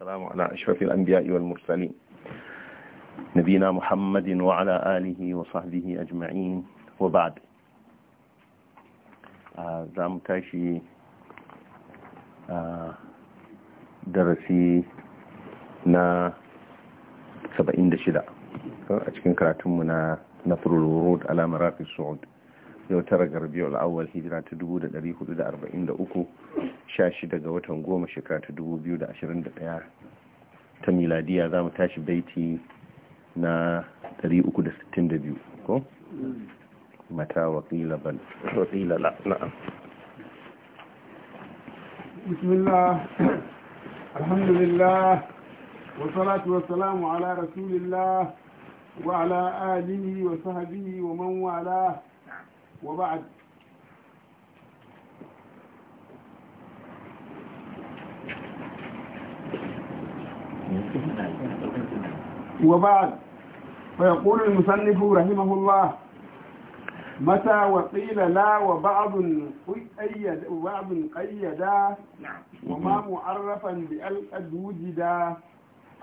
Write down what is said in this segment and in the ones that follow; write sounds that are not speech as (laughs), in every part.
السلام على أشرف الأنبياء والمرسلين نبينا محمد وعلى آله وصحبه أجمعين وبعد زام تاشي درسي نا سبعين دشدا أتكن كراتمنا نفر الورود على مراقي الصعود yau tara ga rabiul awwal hijira ta 1443 shi daga watan goma shekara ta 2021 ta miladiya za mu tashi baiti na 362 ko mata wakila bal wakila la na'am bismillah alhamdulillah والصلاة والسلام على رسول الله وعلى آله وصحبه ومن والاه وبعد وبعد فيقول المصنف رحمه الله متى وقيل لا وبعض قيد وبعض قيدا وما معرفا بأل قد وجدا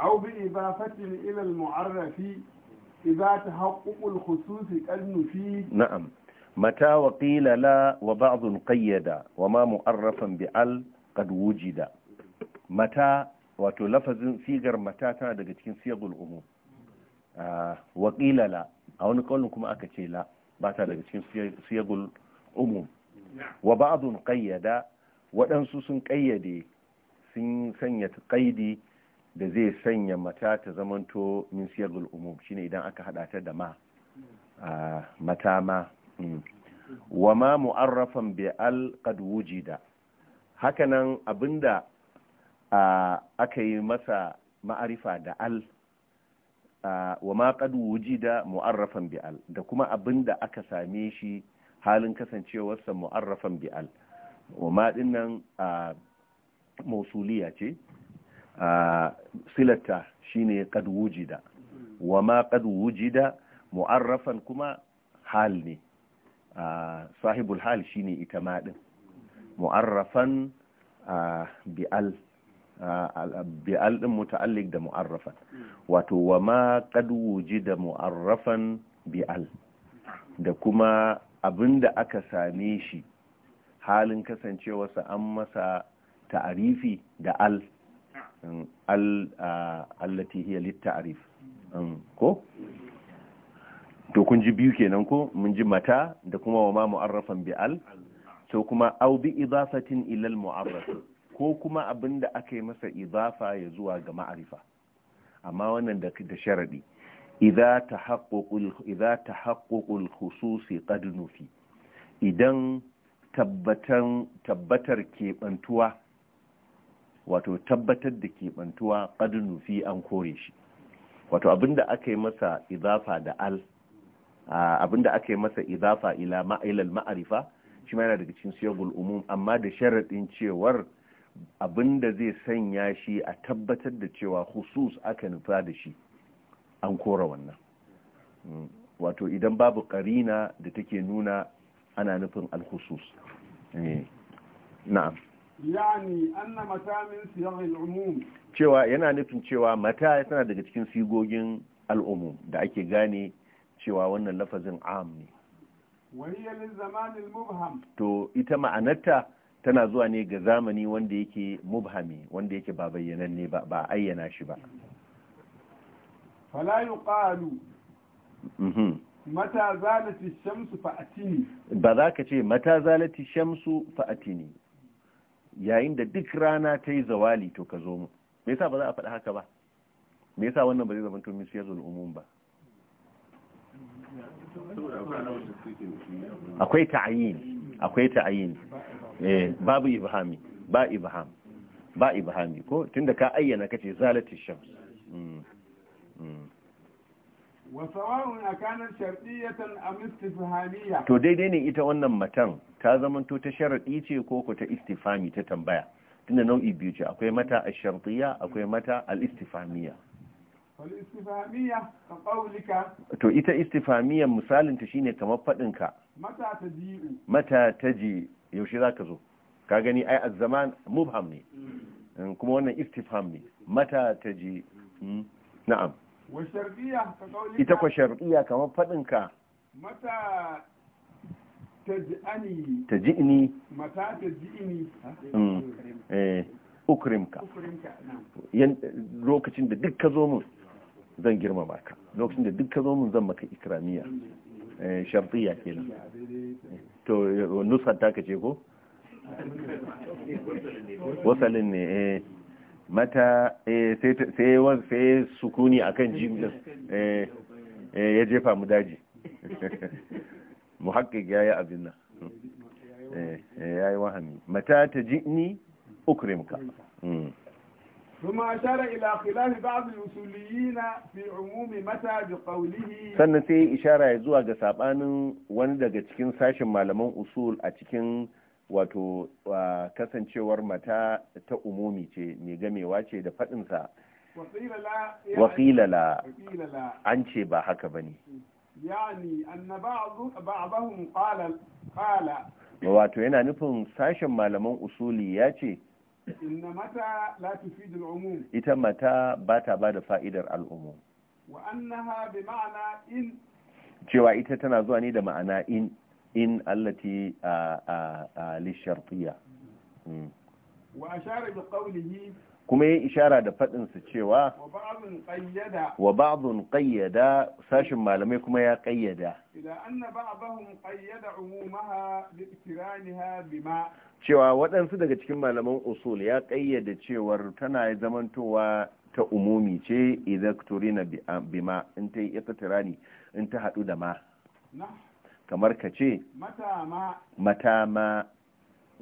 أو بإضافة إلى المعرف إذا تحقق الخصوص قد نفيه نعم mata wa qila la wa ba'dun qayyada wa ma mu'arrafan bi al qad wujida mata wato lafazin sigar mata tana daga cikin siyagul umu. wa la a wani kaulin kuma aka ce la ba ta daga cikin siyagul umu. wa ba'dun qayyada waɗansu sun ƙayyade sun sanya ƙaidi da zai sanya mata ta zamanto min siyagul umu shine idan aka haɗa ta da ma mata ma Mm. wa ma mu'arrafan bi al qad wujida hakanan abinda aka yi masa ma'arifa da al wa ma qad wujida mu'arrafan bi al da kuma abinda aka same shi halin kasancewarsa mu'arrafan bi al wa ma dinnan mausuliya ce silata shine qad wujida wa ma qad wujida mu'arrafan kuma hal ne sahibul hal shine ita ma din mu'arrafan bi'al bi'al din muta'alliq da mu'arrafan wato wa ma qad wujida mu'arrafan bi'al da kuma abinda aka same shi halin sa an masa ta'arifi da al allati hiya lit ta'rif ko to kun ji biyu kenan ko mun ji mata da kuma wa ma mu'arrafan bi'al? al to kuma au bi idafatin ila al mu'arraf ko kuma abinda aka yi masa idafa ya zuwa ga ma'arifa amma wannan da da sharadi idza tahaqqaqul idza tahaqqaqul khusus qad nufi idan tabbatan tabbatar kebantuwa wato tabbatar da kebantuwa qad nufi an kore shi wato abinda aka yi masa idafa da al abinda aka yi masa idafa ila ma'ilal ma'arifa shi yana daga cikin siyagul umum amma da sharaɗin cewar abinda zai sanya shi a tabbatar da cewa husus aka nufa da shi an kora wannan mm, wato idan babu karina da take nuna ana nufin alhusus eh, na'am yani anna mata min siyagul umum cewa yana nufin cewa mata tana daga cikin sigogin al'umum da ake gane cewa wannan lafazin am ne to ita ma'anarta tana zuwa ne ga zamani wanda yake mubhami wanda yake ba ne ba ba ayyana shi ba fala yuqalu mhm. mata zalati shamsu fa'atini ba za ka ce mata zalati shamsu fa'atini yayin da duk rana ta yi zawali to ka zo mu me yasa ba za a faɗi haka ba me yasa wannan ba zai zama to misiyazul umum ba akwai ta'ayin akwai ta'ayin eh, babu ibhami ba ibham ba ibhami ko tunda ka ayyana kace zalati shams mm, mm. to daidai ne ita wannan matan ta zamanto ta sharadi ce ko ko ta istifami ta tambaya tunda nau'i biyu ce akwai mata ash-shartiyya akwai mata al istifhamiyya to ita istifamiyyar misalinta shine kamar faɗinka mata ta ji yaushe za ka zo ka gani ai a zaman mubham ne mm. kuma wannan istifam ne mata ta ji mm. na'am Wa ka ita kwa shar'iyya kamar faɗinka mata ta ji ani. Ta ji ini. mata ta ji ni ukrimka lokacin da duk ka zo mun zan girmama ka lokacin da duk ka zo mun zan maka ikramiya eh, shartiya kenan to nusar ta kace ko wasalin ne eh mata eh, sai sai sukuni akan jim eh, eh ya jefa mu daji (laughs) muhaqqiq yayi abin nan eh yayi wahami mata ta jini ukrimka mm ثم أشار إلى خلاف بعض الأصوليين في عموم متى بقوله سنة إشارة ishara ya واندى ga sabanin مالمون أصول أتكين wato wa kasancewar mata ta umumi ce mai gamewa ce da faɗinsa wakilala an ce ba haka ba ne wato yana nufin sashen malaman usuli ya ce inna mata la ita mata ba ta ba da fa'idar al'umum wa annaha ma'ana in cewa ita tana zuwa ne da ma'ana in in allati a a wa ashara bi qawlihi kuma ya ishara da su cewa wa ba'dun qayyada sashin malamai kuma ya qayyada cewa waɗansu daga cikin malaman usul ya qayyada cewar tana zamantowa ta umumi ce idza turina ah, bima in ta yi iqtirani in ta haɗu da ma kamar ka ce mata ma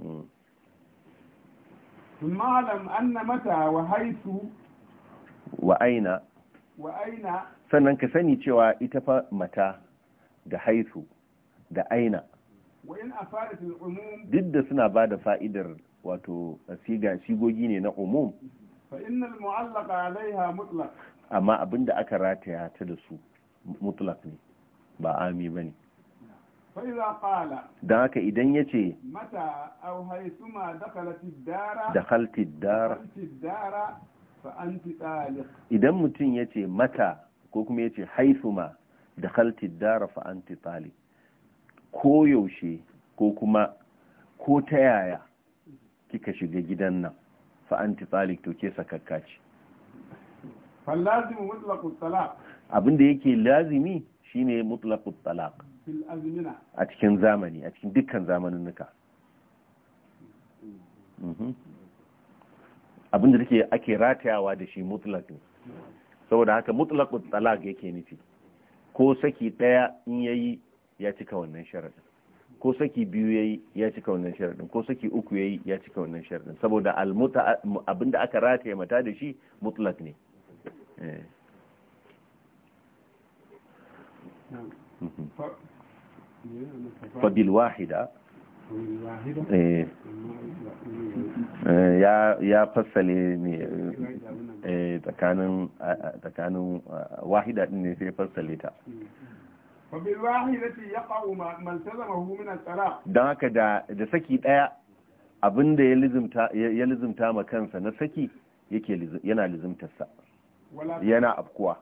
hmm. Malam أعلم أن wa aina, sannan ka sani cewa ita fa mata da haisu da aina duk da suna ba da fa'idar wato siga shigogi ne na umum amma abinda aka rataya ta da su mutlak ne ba ami ba ne don haka idan ya ce dakhalti dara idan mutum ya ce mata ko kuma ya ce haifuma dakhalti dara fa'anti tsali, ko yaushe ko kuma ko ta yaya kika shiga gidan nan fa'anti tsali to ke sakakka ce abinda yake lazimi shine mutu talaq a cikin zamani a cikin dukkan nuka. Mhm. abinda take ake ratayawa da shi mutlak ne saboda haka mutlakut talak yake nufi ko saki daya in yayi ya cika wannan sharadin ko saki biyu yayi ya cika wannan sharadin ko saki uku yayi ya cika wannan sharadin saboda almuta abinda aka rataya mata da shi mutlak ne eh fabil wahida eh, eh, ya fassale ne eh, tsakanin wahida din ne sai fassale ta don haka da saki ɗaya, abinda ya lizimta ma kansa na saki yana lizimtarsa yana afkuwa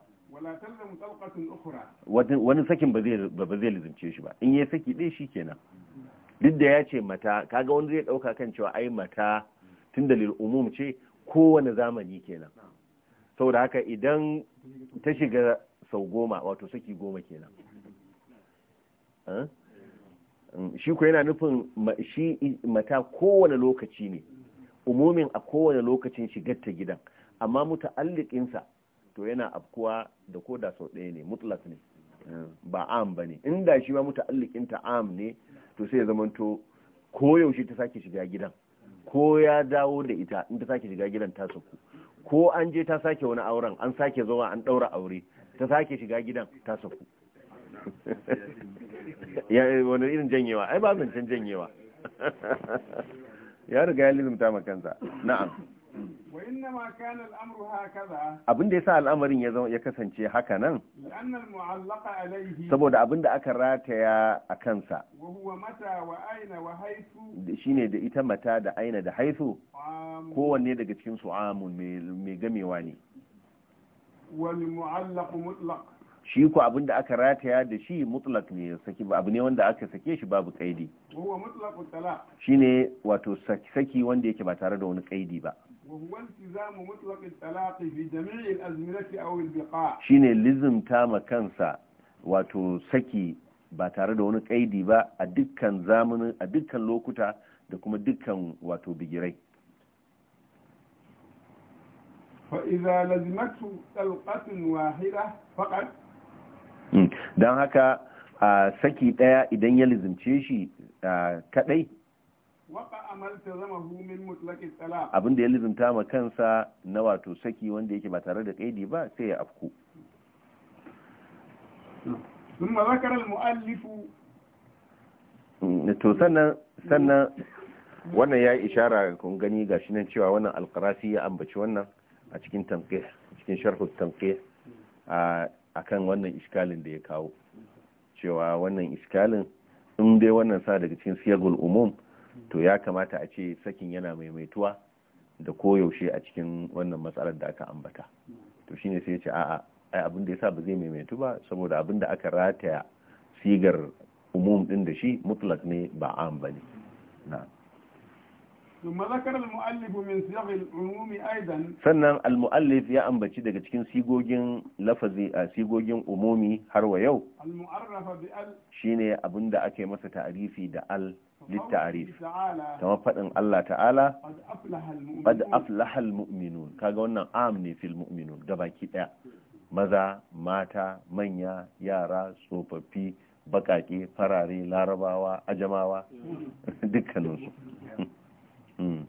wani sakin ba zai lizimce shi ba in yi saki ɗaya shi kenan duk da ya ce mata kaga wanda zai ɗauka kan cewa ai mata tun da umum ce kowane zamani kenan saboda haka idan ta shiga sau goma wato saki goma kenan shi ku yana nufin shi mata kowane lokaci ne umumin a kowane lokacin shigar ta gidan amma alliƙinsa. to yana afkuwa da ko da sau ɗaya ne mutlak ne ba am ba ne inda shi ma muta'allikin ta am ne to sai ya zamanto ko yaushe ta sake shiga gidan ko ya dawo da ita in ta sake shiga gidan ta saku ko an je ta sake wani auren an sake zuwa an ɗaura aure ta sake shiga gidan ta saku (laughs) wani irin janyewa ai ba zancen janyewa (laughs) ya riga ya lizumta makansa na'am abin da ya sa al'amarin ya kasance haka nan saboda abin da aka rataya a kansa shi ne da ita mata da aina da haifu kowanne daga cikin su'amu mai gamewa ne shi ku abin da aka rataya da shi mutlak ne saki abu ne wanda aka sake shi babu kaidi shi ne wato saki wanda yake ba tare da wani kaidi ba وهو التزام مطلق الطلاق في جميع الأزمنة أو البقاع شيني لزم تام كنسا واتو سكي ba tare da wani kaidi ba a dukkan a lokuta da kuma dukkan bigirai fa'iza lazimatu ɗalƙatin wahira faƙar hmm. don haka a saki ɗaya idan ya lizimce shi kaɗai abin da ya lizinta ma kansa na wato saki wanda yake ba tare da kaidi ba sai ya afku mm, to sannan sannan wannan ya ishara kun gani shi nan cewa wannan alkarasi ya ambaci wannan a cikin tamke cikin sharhu tamke a kan wannan iskalin da ya kawo cewa wannan iskalin in dai wannan sa daga cikin siyagul umum to ya kamata a ce sakin yana maimaituwa da koyaushe a cikin wannan matsalar da aka ambata to shine sai ya ce a'a ai abin da yasa ba zai maimaitu ba saboda abin da aka rataya sigar umum din da shi mutlak ne ba am bane na'am ثم ذكر المؤلف sannan المؤلف ya ambaci daga cikin sigogin lafazi a sigogin umumi har wa yau المعرف بال shine abinda ake masa ta'rifi da al للتعريف كما allah الله تعالى قد أفلح المؤمنون كاغا wannan ne fil mu'minun gabaki daya maza mata manya yara tsofaffi bakake farare larabawa ajamawa mm. (laughs) dukkaninsu Hmm.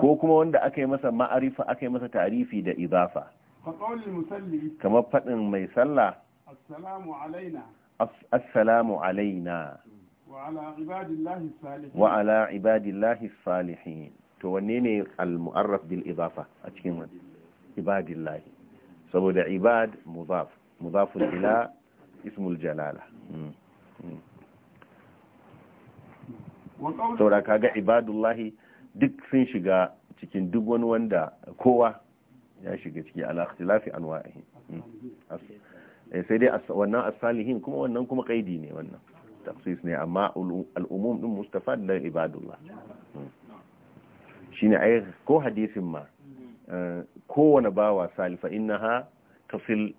ko kuma wanda aka yi masa ma'arifa aka yi masa tarifi da idafa kamar faɗin mai sallah assalamu alaina wa ala ibadillahi salihin to wanne ne al-mu'arraf bil idafa a cikin wani ibadillahi saboda ibad mudaf mudafun ila ismul jalala hmm. Hmm. saura kaga ibadullahi duk sun shiga cikin duk wani wanda kowa ya shiga ciki ala ikhtilafi hmm. eh sai dai wannan asalihin salihin kuma wannan kuma kaidi ne wannan tafsis ne amma al-umum din mustafad da ibadullah hmm. shine ai ko hadisin ma ba eh, bawa salifa innaha tasil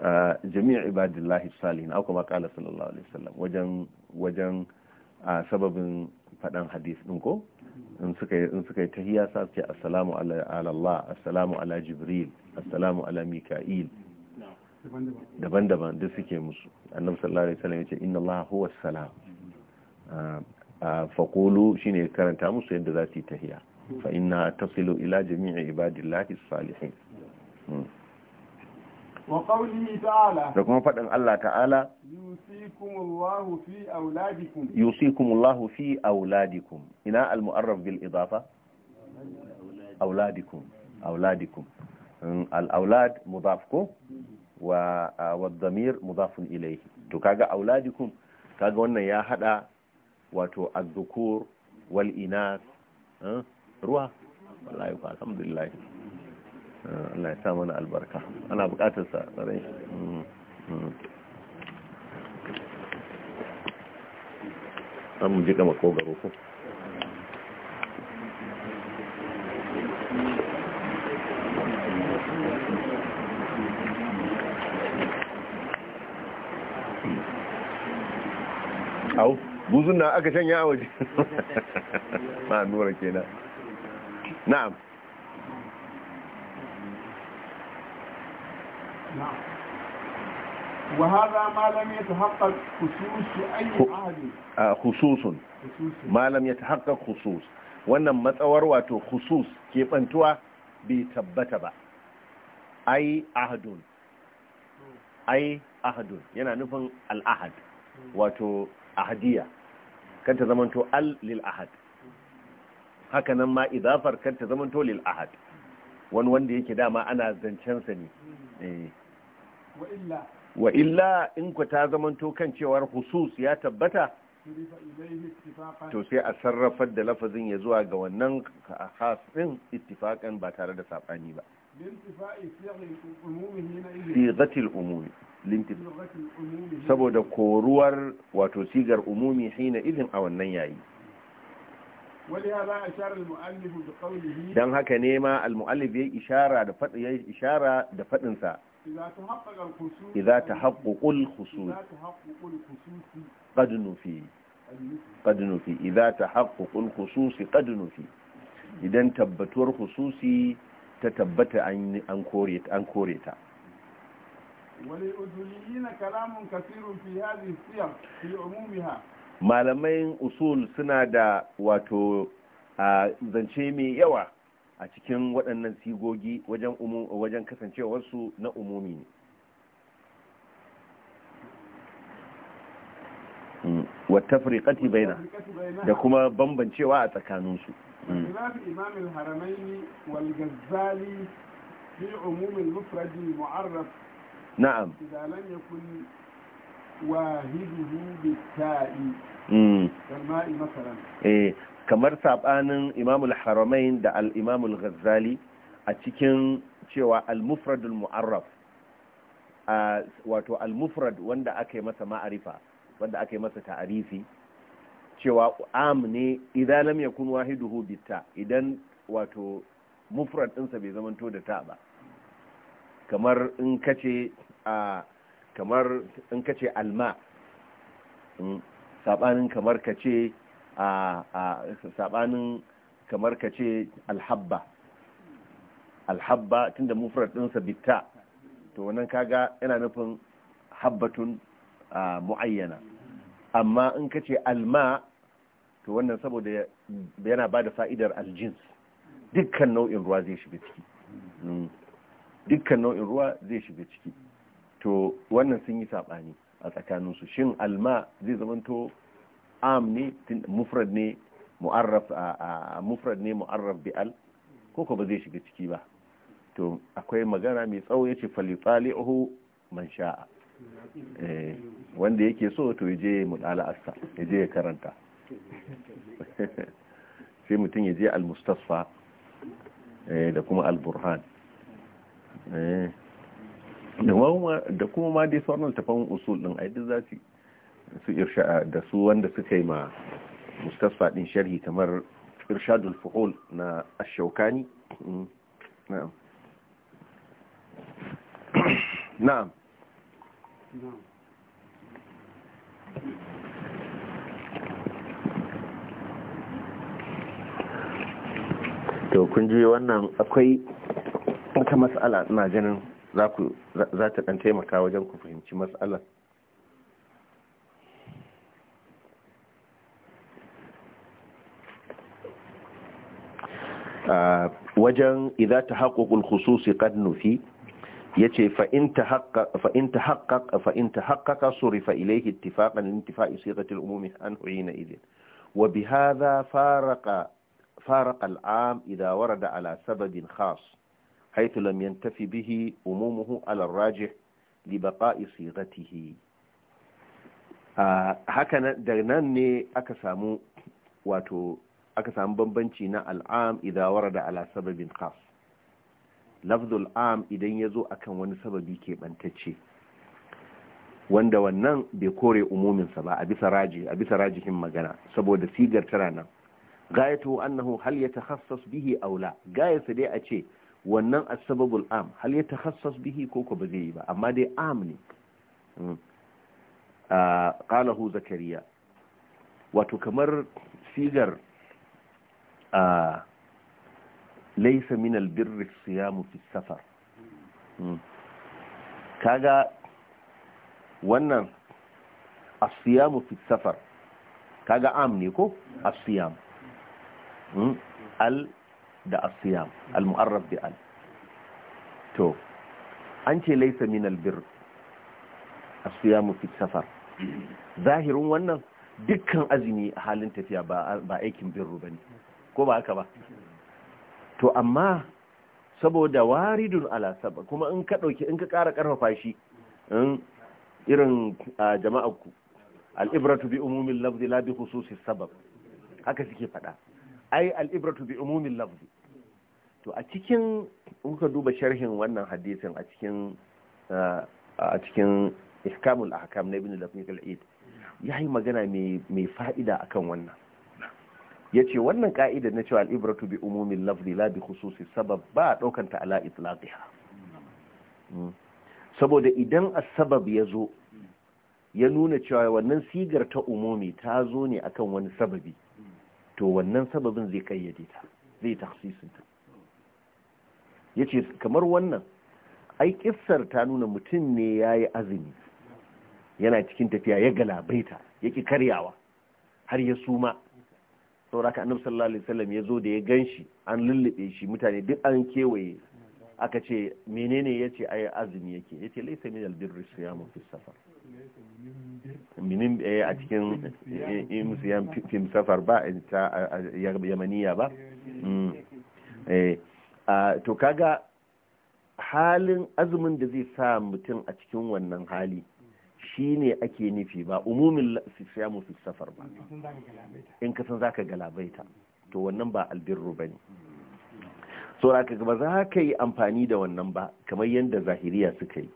eh, jami'a ibadillahi salihin au kuma qala sallallahu alaihi wasallam wajen wajen ah, sababin faɗan hadis ɗin ko in suka yi tahiyya sa ce assalamu ala assalamu ala jibril assalamu ala mika'il daban-daban duk suke musu annabi sallallahu alaihi wasallam yace inna Allah huwa salam a qulu shine karanta musu yadda za su yi tahiya fa inna tasilu ila jami'i ibadillahi salihin hmm. da kuma faɗin Allah ta'ala yusikumullahu fi auladikum ina al-mu'arraf bil idafa auladikum auladikum mm, al-aulad mudaf ko wa uh, wadhamir mudafun ilayhi to kaga auladikum kaga wannan ya hada wato adh-dhukur wal inas ruwa wallahi alhamdulillah Allah ya sa mana albarka ana bukatar sa tsarai an mu jika kogaro ko au buzun na aka shanya a waje ma (laughs) nura na na'am وهذا ما لم يتحقق خصوص أي عهد خصوص ما لم يتحقق خصوص wannan matsawar wato khusus keɓantuwa bai tabbata ba ai ahadun ai ahadun yana nufin al'ahad wato ahadiya kan ta zamanto al lil ahad haka ma idafar kan ta zamanto lil ahad wani wanda yake dama ana zancensa ne wa illa in ku ta zamanto kan cewar husus ya tabbata to sai a sarrafar da lafazin ya zuwa ga wannan hasin din ittifakan ba tare da saɓani ba sigatil umumi saboda koruwar wato sigar umumi hina izin a wannan yayi don haka ne ma al-mu'allif ya ishara da faɗinsa إذا تحقق الخصوص قد نفي قد نفي إذا تحقق الخصوص قد نفي إذا تبتور خصوصي تتبت عن كوريتا وللأدوليين كلام كثير في هذه السير في عمومها ما لمين أصول سنة دا واتو زنشيمي يوا a cikin waɗannan sigogi wajen wajen kasancewarsu na umumi ne mm. wata firikati baina da kuma bambancewa a tsakaninsu mm. na'am wahiduhu bittai kalma'i mm. masaran eh kamar sabanin imamul haramain da al-imamul ghazali a cikin cewa al-mufradul mu'arraf wato al-mufrad wanda aka yi masa ma'arifa wanda aka yi masa ta'arifi cewa am ne idan lam yakun wahiduhu bitta idan wato mufrad ɗinsa bai zamanto da ta ba kamar in kace a kamar in kace alma hmm, sabanin kamar kace a sabanin kamar ka ce alhabba alhabba tunda mufrad ɗinsa bitta to wannan kaga yana nufin habbatun mu'ayyana amma in ka ce alma to wannan saboda yana bada fa'idar aljins dukkan nau'in ruwa zai shiga ciki mm. dukkan nau'in ruwa zai shiga ciki to wannan sun yi saɓani a tsakaninsu shin alma zai zamanto am ne mufrad ne mu'arraf a mufrad ne mu'arraf bi al ko ko ba zai shiga ciki ba to akwai magana mai tsawo yace fali-fali, talihu man sha'a eh, wanda yake so to yaje mu mutala'arsa yaje ya karanta (laughs) sai mutum yaje al-mustasfa eh, da kuma al-burhan eh, da kuma ma dai sauran tafan usul din ai zasu su irsha da su wanda suka yi ma mustafa din sharhi kamar irshadul fuhul na ashaukani mm. na (coughs) na'am to kun ji wannan akwai wata mas'ala ina ganin za ta ɗan taimaka wajen ku fahimci matsalar wajen idza tahaqqaqul khususi qad nufi yace fa in tahaqqaqa fa in tahaqqaqa fa in tahaqqaqa surifa ilayhi ittifaqan li intifa'i sighati al-umumi an hina idhin wa bihadha faraqa faraqa al-'am idha warada ala sababin khas حيث لم ينتفي به أمومه على الراجح لبقاء صيغته هكذا دغنان ني aka samu wato aka samu bambanci na al'am idan da ala sababin khas lafzul am idan ya zo akan wani sababi ke keɓantacce wanda wannan bai kore umuminsa ba a bisa raji rajihin magana saboda sigar tara nan gayatu annahu hal yatakhassas bihi aw la gayatu dai a ce wannan asbabul am hal yatakhassas bihi ko ko ba yi ba amma dai am ne hmm. ah, qalahu zakariya wato kamar sigar a laisa min albirri siyamu fi safar hmm. kaga wannan asiyamu fi safar kaga am ne ko asiyam hmm. al da asiyam al-mu'arraf bi al to an ce laisa min albirri asiyamu fi safar zahirin wannan dukkan azumi a halin tafiya ba aikin birru ba ne ko ba haka ba to amma saboda waridun ala kuma in ka dauki in ka ƙara karfafa shi in irin jama'ar ku al bi umumin lafzi la bi sabab haka suke faɗa ai al bi umumin lafzi to a cikin in ka duba sharhin wannan hadisin a cikin a cikin iskamul ahkam na ibn lafiq al ya yi magana mai fa'ida akan wannan ya ce wannan ka'idar na cewa al'ibratu bi umumin lafzi la bi khususi sabab ba a ɗaukanta ala itlaqiha hmm. saboda idan asbab ya zo ya nuna cewa wannan sigar ta umumi ta zo ne akan wani sababi to wannan sababin zai kayyade ta zai taksisin ta yace kamar wannan ai kissar ta nuna mutum ne yayi azumi yana cikin tafiya ya galabaita yake karyawa har ya suma sauraka annabi sallallahu alaihi wasallam ya zo da ya ganshi an lullube shi mutane duk an kewaye aka ce menene ya ce ai azumi yake ya ce laisa min albirri siyamu fi safar minin a cikin siyan fim safar ba eh, ta eh, yamaniya ba mm. eh, to kaga halin azumin da zai sa mutum a cikin wannan hali shi ne ake nufi ba umumin siyamu fi safar ba in ka za ka galabaita to wannan ba albirru bane sauraka ba za ka yi amfani da wannan ba kamar yadda zahiriya suka yi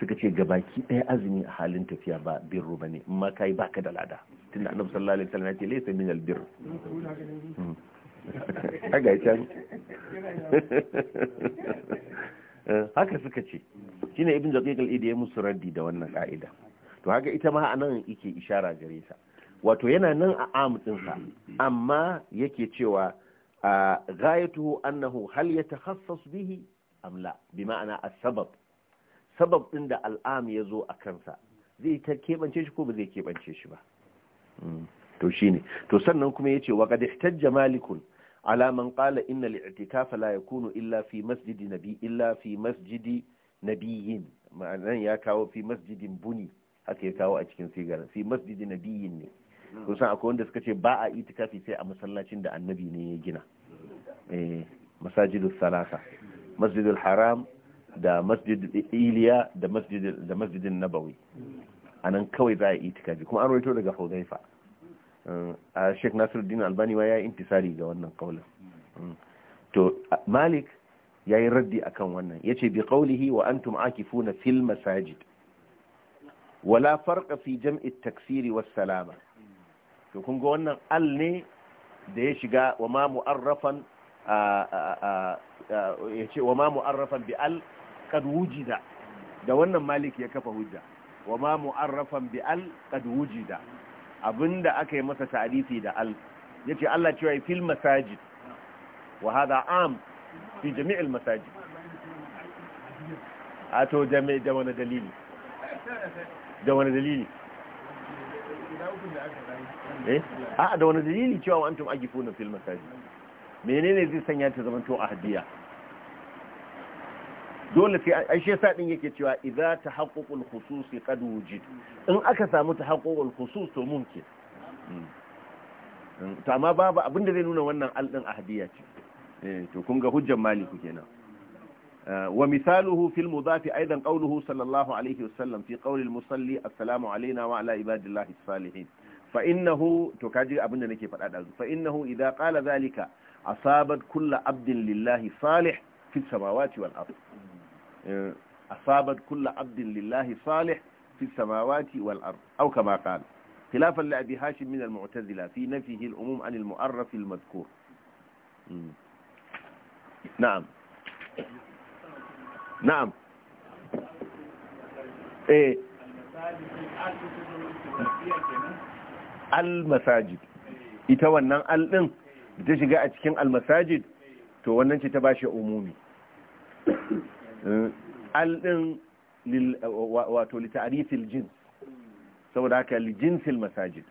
suka ce gabaki ɗaya azumi a halin tafiya ba birru ba ne amma ka yi baka da lada tunda annabi sallallahu alaihi wasallam ya ce laysa min albir hmm. aga (laughs) can (laughs) Eh, haka suka ce shine ibn daqiq al-idi ya musu raddi da wannan ka'ida to haka ita ma a nan yake ishara gare ta wato yana nan a amtsinsa amma yake cewa gayatu annahu hal yatakhassasu bihi am la bi ma'ana as-sabab sabab din da al'am ya zo a kansa zai ta keɓance shi ko ba zai keɓance shi ba hmm. to shine to sannan kuma ya ce wa qad ihtajja malikun ala man qala inna al-i'tikaf la yakunu illa fi masjidi nabi illa fi masjidi ya kawo fi masjidin buni haka kawo a cikin sigaran fi masjidi nabiyin ne hmm. kusan akwai wanda suka ce ba a itikafi sai a masallacin da annabi ne ya gina eh salasa masjidul haram da masjid iliya da masjid da masjidin nabawi kawai za a itikafi kuma an wato daga hudhaifa Mm. a sheik nasiruddin albani ma ya yi intisari ga wannan kaulin mm. to malik ya yi raddi a kan wannan ya ce bi kaulihi wa an antum funa fil masajid wala farka fi jam'i taksiri wa salama to kun ga wannan al ne da ya shiga wa ma mu'arrafan ya ce wa ma mu'arrafan bi al kan wujida da wannan malik ya kafa hujja wa ma mu'arrafan bi al wuji wujida abinda aka yi masa ta'arifi da al yace Allah cewa fil masajid wa hada am fi jami'il masajid a to da da wani dalili da wani dalili eh a da wani dalili cewa antum agifuna fil masajid menene zai sanya ta zama to ahdiya dole sai an shi sa din yake cewa idza tahaqququl khusus qad wujid in aka samu tahaqququl khusus to mumkin to amma babu abin da zai nuna wannan aldin ahadiya ce eh, to kun ga hujjar maliku kenan eh, wa misaluhu fil mudaf aidan qawluhu sallallahu alaihi wasallam fi qawli al-musalli assalamu alaina wa ala ibadillahi salihin fa innahu to kaji abin da nake faɗa da fa innahu idza qala zalika asabat kullu abdin lillahi salih fi samawati wal ardh Eh, asabat kulla abdin lillahi salih fi samawati wal ard aw kama qala khilafan li abi hashim min al mu'tazila fi nafihi al umum an al mu'arraf al madhkur hmm. na'am na'am eh al masajid ita wannan al din ta shiga a cikin al masajid to wannan ce ta bashi umumi Eh, al wato li jins saboda haka li jinsil masajid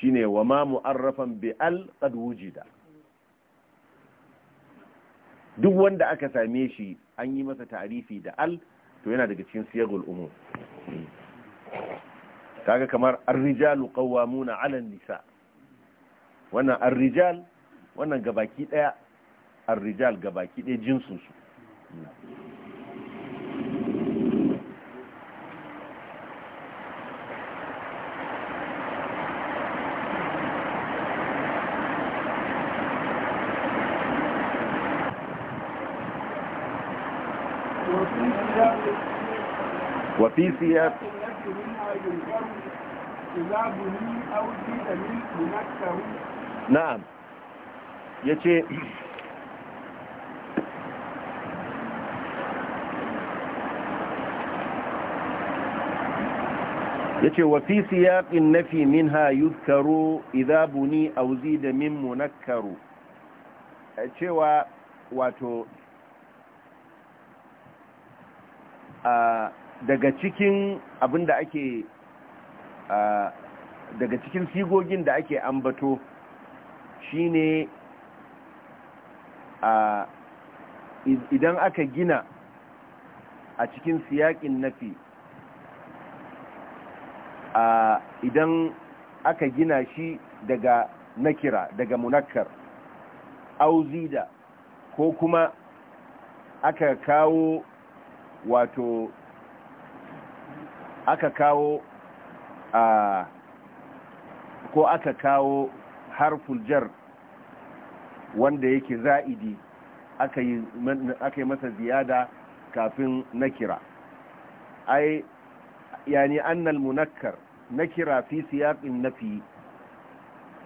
shine wa ma mu'arrafan bi al qad wujida duk wanda aka same shi an yi masa tarifi da al to yana daga cikin siyagul umu kaga kamar ar-rijalu qawwamuna 'ala nisa wannan ar-rijal wannan gabaki daya ar-rijal gabaki daya jinsu وفي سياق na'am ya ce ya ce wafi siyaƙin nafi min ha yuzkaru idabuni auzi da min munakkaru eh, wa wato a ah, daga cikin abin da ake daga cikin sigogin da ake ambato shine a idan aka gina a cikin siyakin nafi a idan aka gina shi daga nakira daga munakkar auzida ko kuma aka kawo wato aka kawo a ko aka kawo harful jar wanda yake za'idi aka yi masa ziyada kafin nakira ai yani annal munakkar nakira fi siyaqin nafi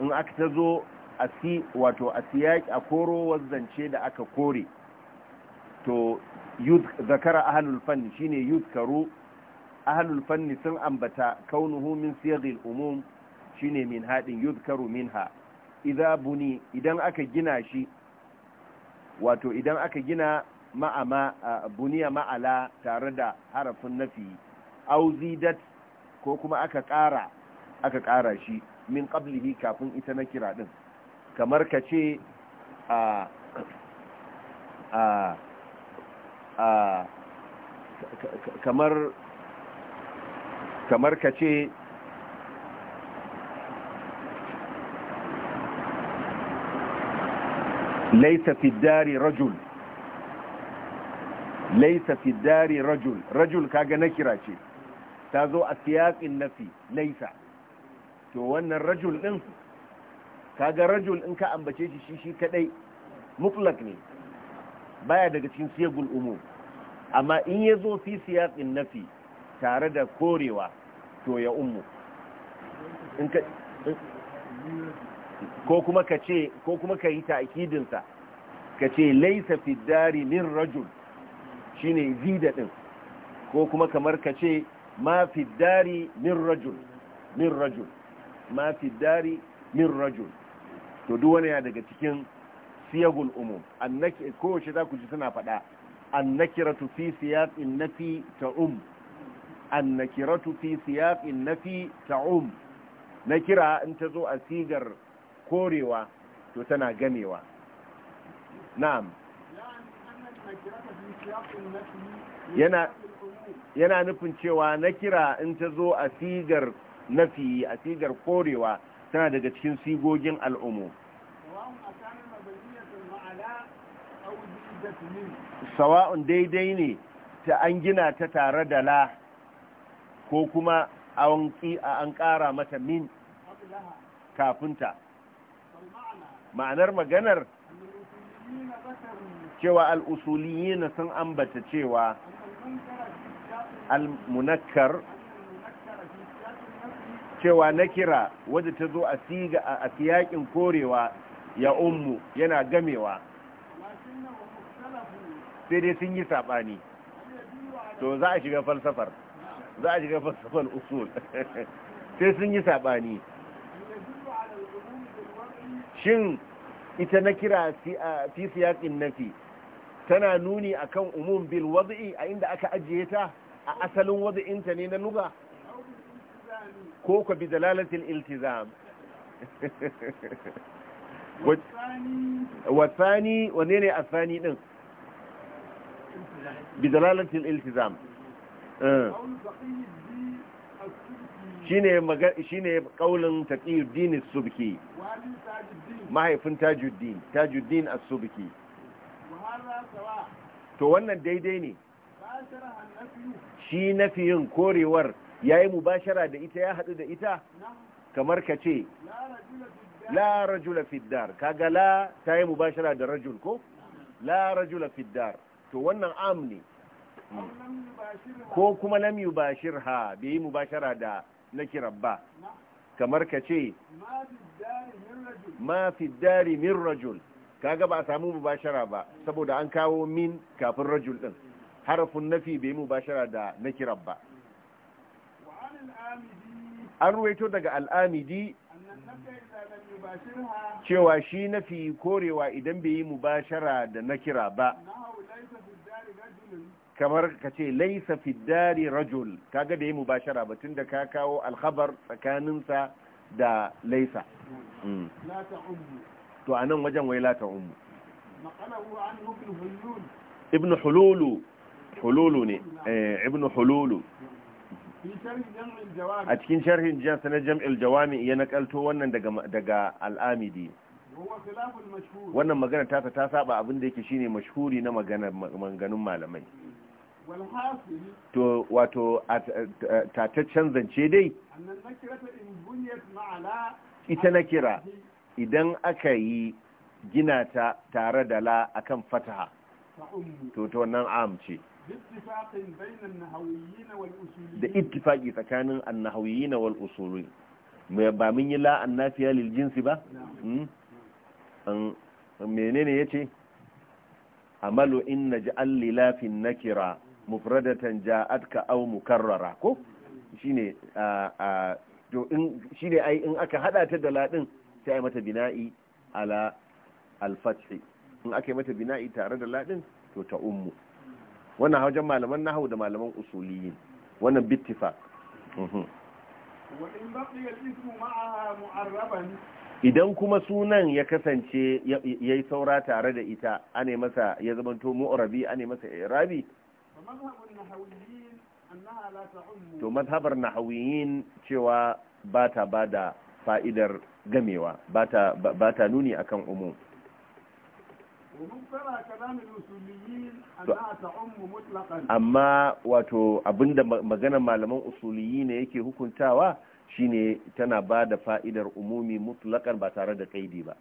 in aka tazo a si wato a siyaq a koro wazance da aka kore to zakara ahlul fanni shine yuzkaru ahlul fanni sun ambata kaunuhu min siyaghil umum shine min hadin yuzkaru minha idza buni idan aka gina shi wato idan aka gina ma'ama buniya ma'ala tare da harafin nafi auzidat ko kuma aka ƙara aka ƙara shi min qablihi kafin ita na kira din kamar ka ce a a a kamar kamar ka ce laisa fi rajul laisa fi dari rajul rajul kaga na kira ce ta zo a siyaƙin nafi laisa to wannan rajul ɗin kaga rajul in ka ambace shi shi shi kadai mutlak ne baya daga cikin siyagul umu amma in ya zo fi siyaƙin nafi tare da korewa to ya umu, ko kuma ka ce ko kuma ka yi ta'kidinsa ka ce laisa fi dari min rajul shine zida din ko kuma kamar ka ce ma fi dari min rajul min rajul ma fi dari min rajul to duk wani ya daga cikin siyagul umum annaki ko shi za ku ji suna faɗa annakiratu fi siyaqin nafi ta um annakiratu fi siyaqin nafi ta'um nakira in ta zo a sigar korewa to tana gamewa na'am yana nufin cewa nakira in ta zo a sigar nafi a sigar korewa tana daga cikin sigogin al'umu sawa'un daidai ne ta an gina ta tare da la ko kuma an ƙara mata min kafinta ma'anar maganar cewa na sun ambata cewa al-munakkar cewa na kira wadda ta zo a siga a siyakin korewa ya ummu yana gamewa sai dai sun yi saɓani to za a shiga falsafar za a shiga falsafan usul sai sun yi saɓani shin ita na kira fi siyaƙin nafi tana nuni akan umum bil wad'i a inda aka ajiye ta a asalin wad'inta ne na luga ko ka bi dalalatil iltizam wasani wane ne asani din bi dalalatil iltizam shine kaulin taqiyuddin as-subki mahaifin tajuddin tajuddin as-subki to wannan daidai ne shi nafiyin korewar yayi mubashara da ita ya haɗu da ita kamar ka ce la rajula fi dar kaga la tayi mubashara da rajul ko la rajula fi to wannan am ne ko kuma lam yubashirha bai yi mubashara da naki ba kamar ka ce ma fi dari min rajul kaga ba a samu mubashara ba saboda an kawo min kafin rajul din harafun nafi bai mubashara da naki ba an ruwaito daga al'amidi cewa shi nafi korewa idan bai yi mubashara da nakira ba kamar ka ce laisa fiddari rajul kaga da yi mubashara batun da ka kawo alhabar tsakaninsa da laisa mm. to a nan wajen wai lata umu ibn hululu hululu ne eh, ibn hululu a cikin sharhin jinsa na jam'il jawami ya nakalto wannan daga al'amidi wannan magana tasa ta saba abin da yake shine mashhuri na maganganun malamai to wato tataccen zance dai ita na kira idan aka yi gina ta tare da la akan fataha to ta nan am ce da ittifaki tsakanin na wal usuli ba mun yi la annafiya ba hmm? menene ya ce? amalu in na ji an lilafin kira. mufradatan ka aw mukarrara ko shine a to in shine ai in aka hada ta da ladin sai ai mata bina'i ala al-fath in aka yi mata bina'i tare da ladin to ta ummu wannan hawajan malaman nahawu da malaman usuliyin wannan bittifa. Mhm. idan kuma sunan ya kasance ya yi saura tare da ita ane masa ya zamanto mu'arabi ane masa irabi to mazhabar nahawiyin cewa ba ta ba da fa'idar gamewa ba ta nuni a kan umu amma wato abinda maganar malaman usuliyi ne yake hukuntawa shine tana ba da fa'idar umumi mutlakan ba tare da kaidi ba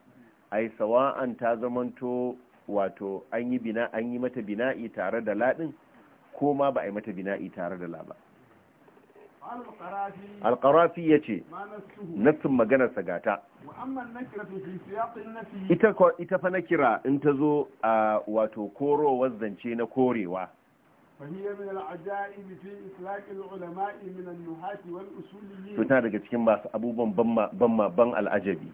ai sawa'an ta zamanto wato an yi mata bina'i tare da laɗin ko ma ba a yi mata bina'i tare da la ba alƙarafi ya ce nassun maganar sagata ita fa na kira in ta zo a wato korowar zance na korewa ta daga cikin masu abubuwan ban al'ajabi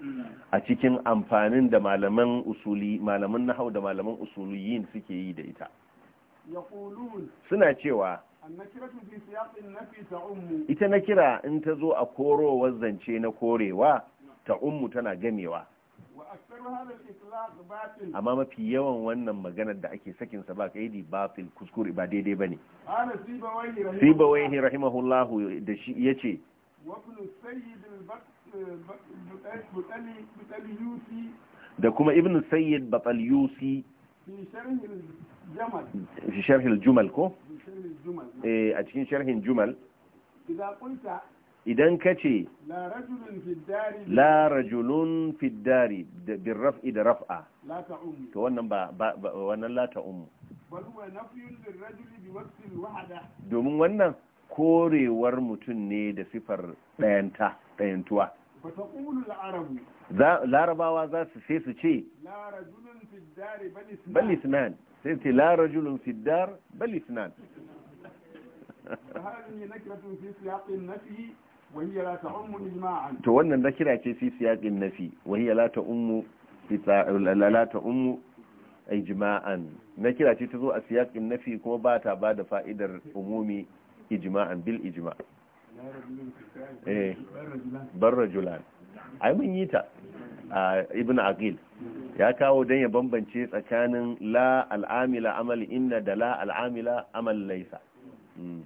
a cikin amfanin da malaman usuli malaman nahau da malaman usuliyin suke yi da ita suna cewa ita na kira in ta zo a korowar zance na korewa ta ummu tana gamewa amma mafi yawan wannan maganar da ake sakinsa ba kaidi fil kuskure ba daidai ba ne sibawaihi rahimahullahu da shi iya ce da kuma ibn sayyid batalyusi sharhin jumal ko eh, a cikin sharhin jumal idan ka ce la rajulun fiddari bin raf'i da raf'a to wannan ba wannan la ta'ummu domin wannan korewar mutum ne da sifar ɗayanta ɗayantuwa larabawa za su sai su ce balisnan sai ce la rajulun fiddar bal isnan to wannan kira ce fi siyaqin nafi wa hiya la ta'ummu la ta'ummu ijma'an nakira ce ta zo a siyaqin nafi kuma ba ta ba da fa'idar umumi ijma'an bil ijma' eh bar rajulan ai mun yi ta ibn aqil ya kawo don ya bambance tsakanin la al'amila amal inna da la al'amila amal laysa hmm.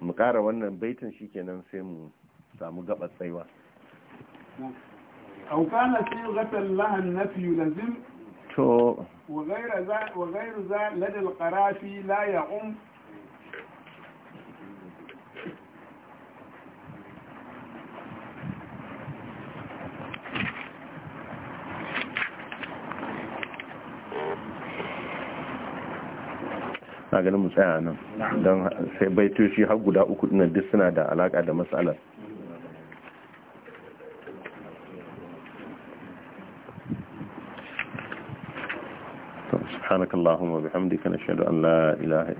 mu kara wannan baitin shikenan sai mu samu gabar tsaiwa أو كان صيغة لها النفي لزم وغير ذا لدى qarafi la ya'um ka ganin mu tsaya nan don sai baitoshi har guda uku ɗin duk suna da alaka da matsalar سبحانك اللهم وبحمدك نشهد أن لا إله